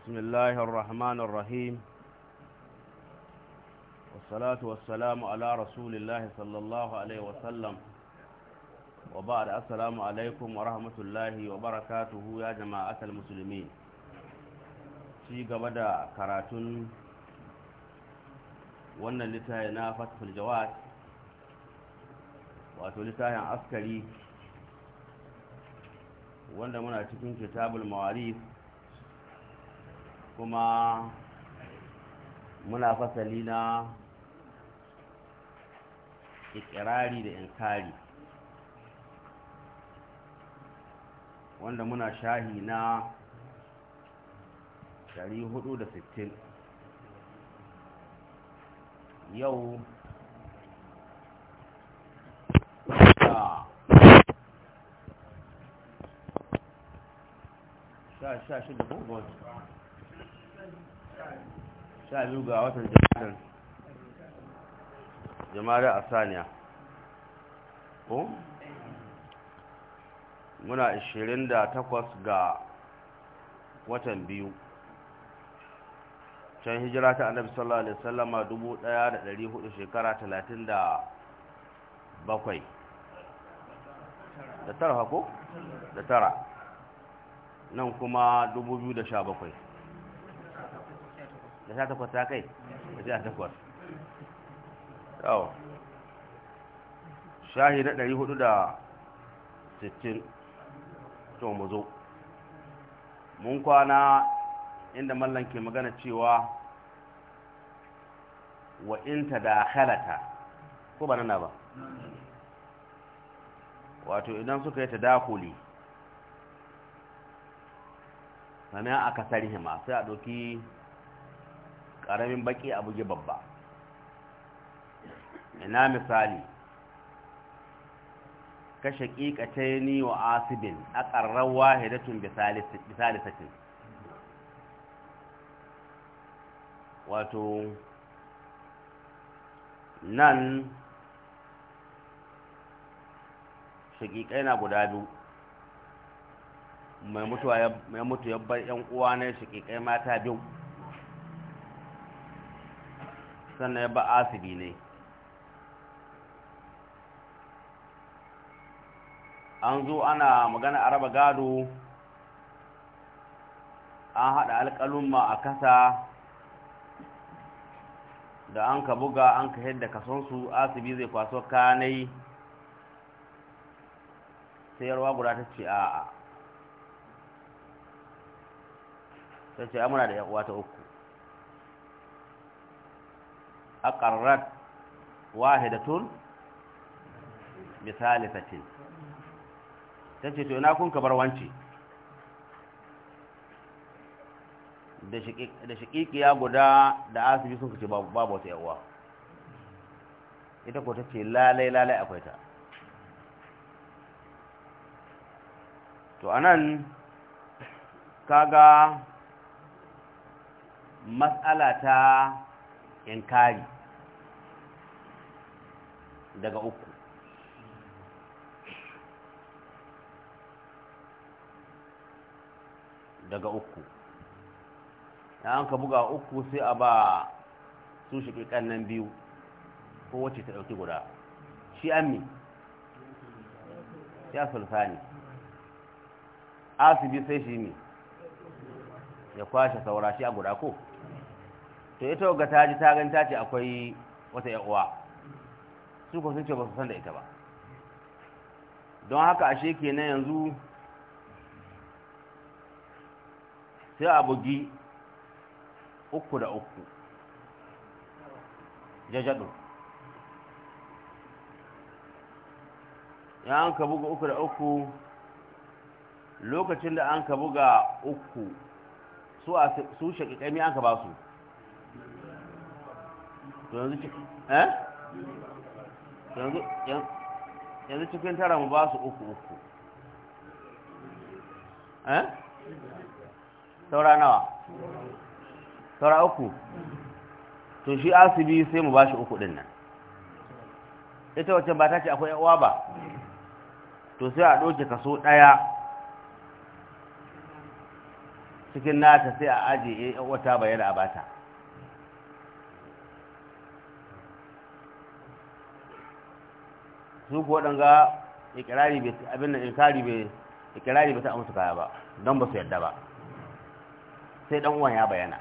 بسم الله الرحمن الرحيم والصلاة والسلام على رسول الله صلى الله عليه وسلم وبعد السلام عليكم ورحمة الله وبركاته يا جماعة المسلمين في قبدا كراتون وانا لتاينا فتح الجوات واتو لتاين عسكري وانا منا تكون كتاب المواريث kuma muna fasali na ikirari da inkari wanda muna shahi na 460 yau sha shida ko sha biyu ga watan jama'ar jama'ar asaniya ko muna 28 ga watan biyu can hijira ta annabi sallallahu alaihi wasallama 1400 shekara 37 da tara ko? da tara nan kuma 2017 da sha takwas ta kai da sha takwas yau shahi na ɗari hudu da sittin to mu zo mun kwana inda mallan ke magana cewa wa in ta da halata ko ba nana ba wato idan suka yi ta dakuli sannan aka sarihima sai a ɗauki ƙaramin baki a buge babba ina misali kashe ce ni wa asibin a ƙarrar wahidatun sakin wato nan shaƙiƙai na guda biyu mai mutu ya bar 'yan uwa na shaƙiƙai mata biyu sannan ya ba asibi ne an zo ana magana a raba gado an haɗa alƙalumma a kasa da an ka buga an ka yadda kasonsu asibi zai kwaso kanai sayarwa guda ta ce a'a ta ce amina da uwa ta uku أقرت واحدة بثالثة تنتي تناكم كبروانتي da ya guda da asibi sun kace babu wata yawa ita ko ta ce lalai lalai akwai ta to anan kaga mas'ala ta inkari daga uku daga uku an ka buga uku sai a ba su shiƙiƙan nan biyu ko wacce ta ɗauki guda shi ammi ya sulfani asibi sai shi ne ya kwashe saura shi a guda ko to ita ga ta ji ta gan ta ce akwai wata uwa su ko sun ce ba su san da ita ba don haka ashe kenan yanzu sai a bugi uku da uku jajado ya an ka buga uku da uku lokacin da an ka buga uku su shaƙiƙami an ka ba su Eh? yanzu cikin tara mu ba su uku uku eh? saura nawa saura uku to shi asibi sai mu ba shi uku din nan ita wacce ba ta ce akwai uwa ba to sai a ɗauke kaso ɗaya cikin nata sai a ajiye wata bayyana a bata su waɗanga ikirari bai abin nan inkari bai ikirari bai ta amsa kaya ba don ba su yadda ba sai dan uwan ya bayana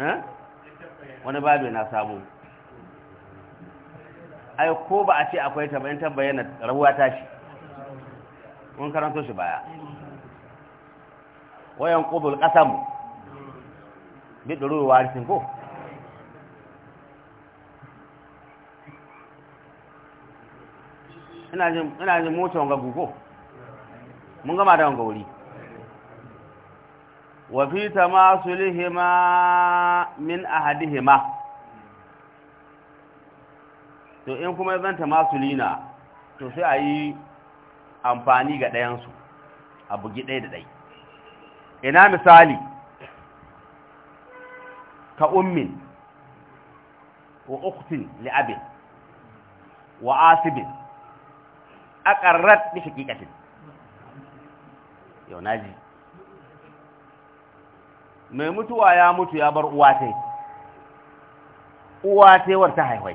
eh? wani babu na samu ai ko ba a ce akwai ta bayan tabbayana rabuwa tashi mun karanto shi baya wayan qubul qasam bi ɗaruru warisin ko ina jin mota wanga guko mun gama da wanga wuri ta fi tamasulihima min ahadihima to in kuma zan lina to sai a yi amfani ga ɗayansu a bugi ɗaya da ɗai ina misali ka ummin wa uktin li'abin wa asibin aqarrat bi haqiqatin yau naji mai mutuwa ya mutu ya bar uwa tai uwa tai war ta haihuwa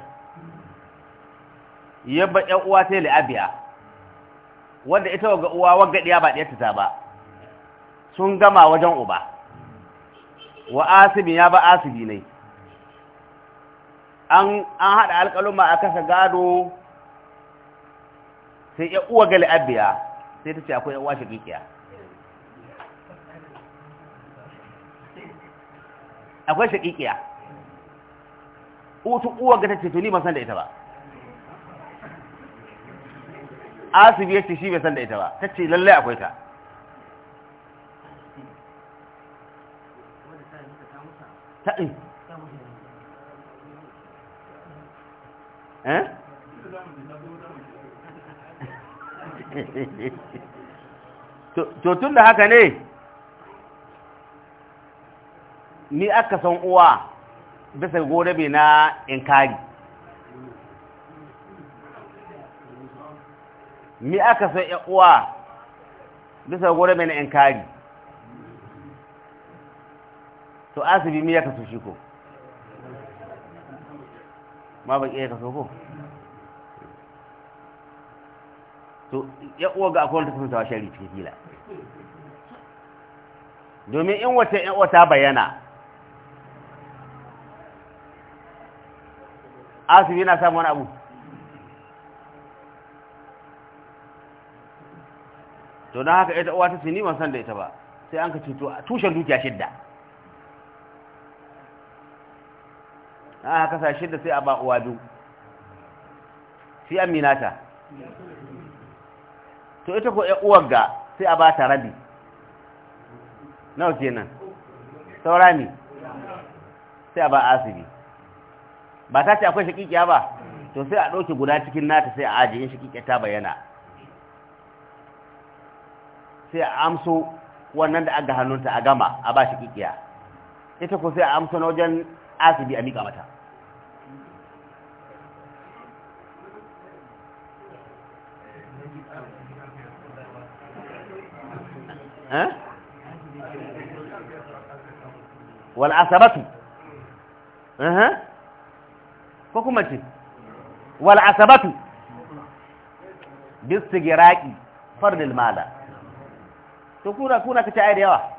ya ba ƴan uwa tai li'abiya wanda ita ga uwa wagga diya ba diyarta ta ba sun gama wajen uba wa asibi ya ba asibi ne an haɗa alƙaluma a kasa gado sai ya uwa gali abiya sai ta ce akwai washe shakikiya akwai shakikiya utu uwa ga ta ce tuni san da ita ba asibi ya ce shi bai san da ita ba ta ce lallai akwai ta eh to tun da haka ne ni aka san uwa bisa gore gorabe na in kari, ni aka san uwa bisa gore gorabe na in kari. to asibi mi ya kaso shi ko ma baki ya kaso ko to ya uwa ga akwai wanda ta kuntawa shari cikin domin in wata yan wata bayyana asibi na samun wani abu to don haka ita uwa ta sini ban san da ita ba sai an ka ce to tushen dukiya shidda na aka kasa shidda sai a ba uwa biyu shi amina to ita ko ƴan uwar ga sai a ba ta rabi nawa kenan saura ne sai a ba asibi ba ta ce akwai shakikiya ba to sai a ɗauke guda cikin nata sai a ajiye in shakikiya ta bayyana sai a amso wannan da aga hannunta a gama a ba shakikiya ita ko sai a amso na wajen asibi a miƙa mata eh? wal asabatu eh? ko kuma ce wal asabatu giraƙi fardil mala to kuna kuna kace ai da yawa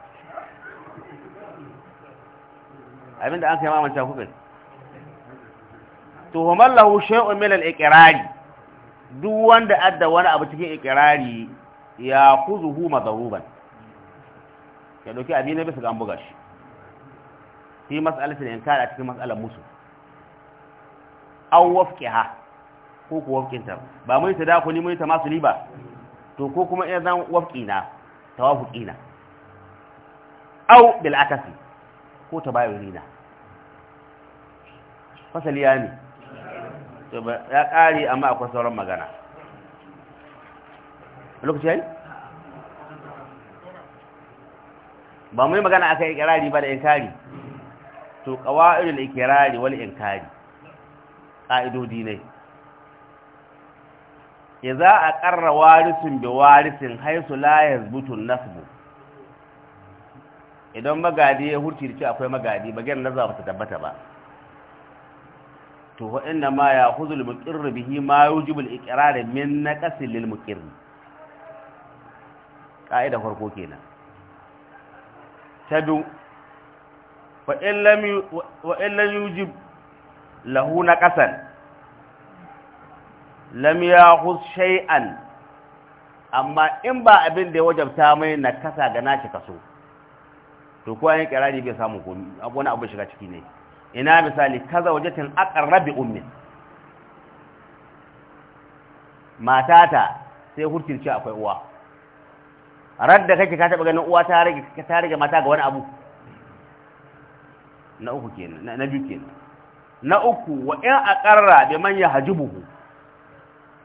abinda an kai mamanta kuɗin to humar lahu shay'un min al-iqrari duk wanda adda wani abu cikin iqrari ya khuzuhu madruban ya doki abin bisa ga buga shi fi mas'alatin inkar a cikin mas'alar musu aw wafqiha ko ku ko ta ba mun sadaku ni mun tamasuli ba to ko kuma idan wafqina tawafuqina aw bil akasi ko ta bayo rina fasali ya ne ya ƙari amma akwai sauran magana lokaci yayi ba mu yi magana aka yi kirari ba da inkari to da ikirari wal inkari ƙa'idodi ne ya za a ƙarra warisun bi warisun haisu la yazbutu nasbu idan magadi ya hurci ce akwai magadi ba bagen nazara ta tabbata ba to wa inna ma ya khudhul muqirr bihi ma yujibu al-iqrar min naqas lil muqirr kaida farko kenan tadu fa in lam wa in lam yujib lahu naqasan lam ya'khudh shay'an amma in ba abin da ya wajabta mai nakasa ga nashi kaso to ko an kirari bai samu komi wani abu shiga ciki ne ina misali kaza wajatin aqrabi ummi matata sai hurtirci akwai uwa radda kake ka taba ganin uwa ta rage ta rage mata ga wani abu na uku kenan na biyu kenan na uku wa in aqarra bi man yahjubuhu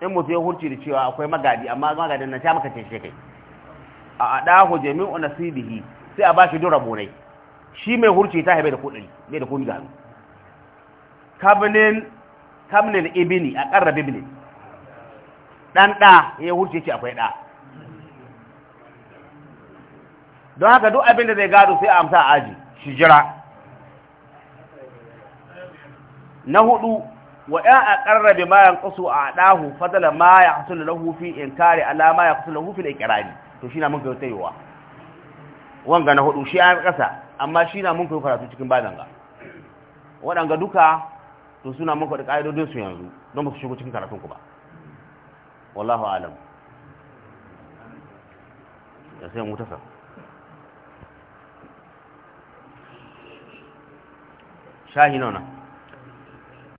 in mutu ya hurci da cewa akwai magadi amma magadin na ta maka tace kai a ɗahu jami'u nasibihi sai a bashi dora bonai shi mai hurce ta haibe da kudin bai da komi gano hannu kabinin kabinin ibini a karra bibini dan da ya hurce ce akwai da don haka duk abin da zai gado sai a amsa a aji shi jira na hudu wa ya a karrabe mayan kusu a dahu fadala ma ya da lahufi in kare ala ma ya da lahufi da ikrari to shi na mun yi tayowa wanga na hudu shi a ƙasa, amma shi na mun kai karatu cikin bazanga waɗanga duka to suna mun kwaɗi ƙa'idodin su yanzu don ba su shigo cikin karatun ku ba wallahu alam ya sai mu tasa shahi nona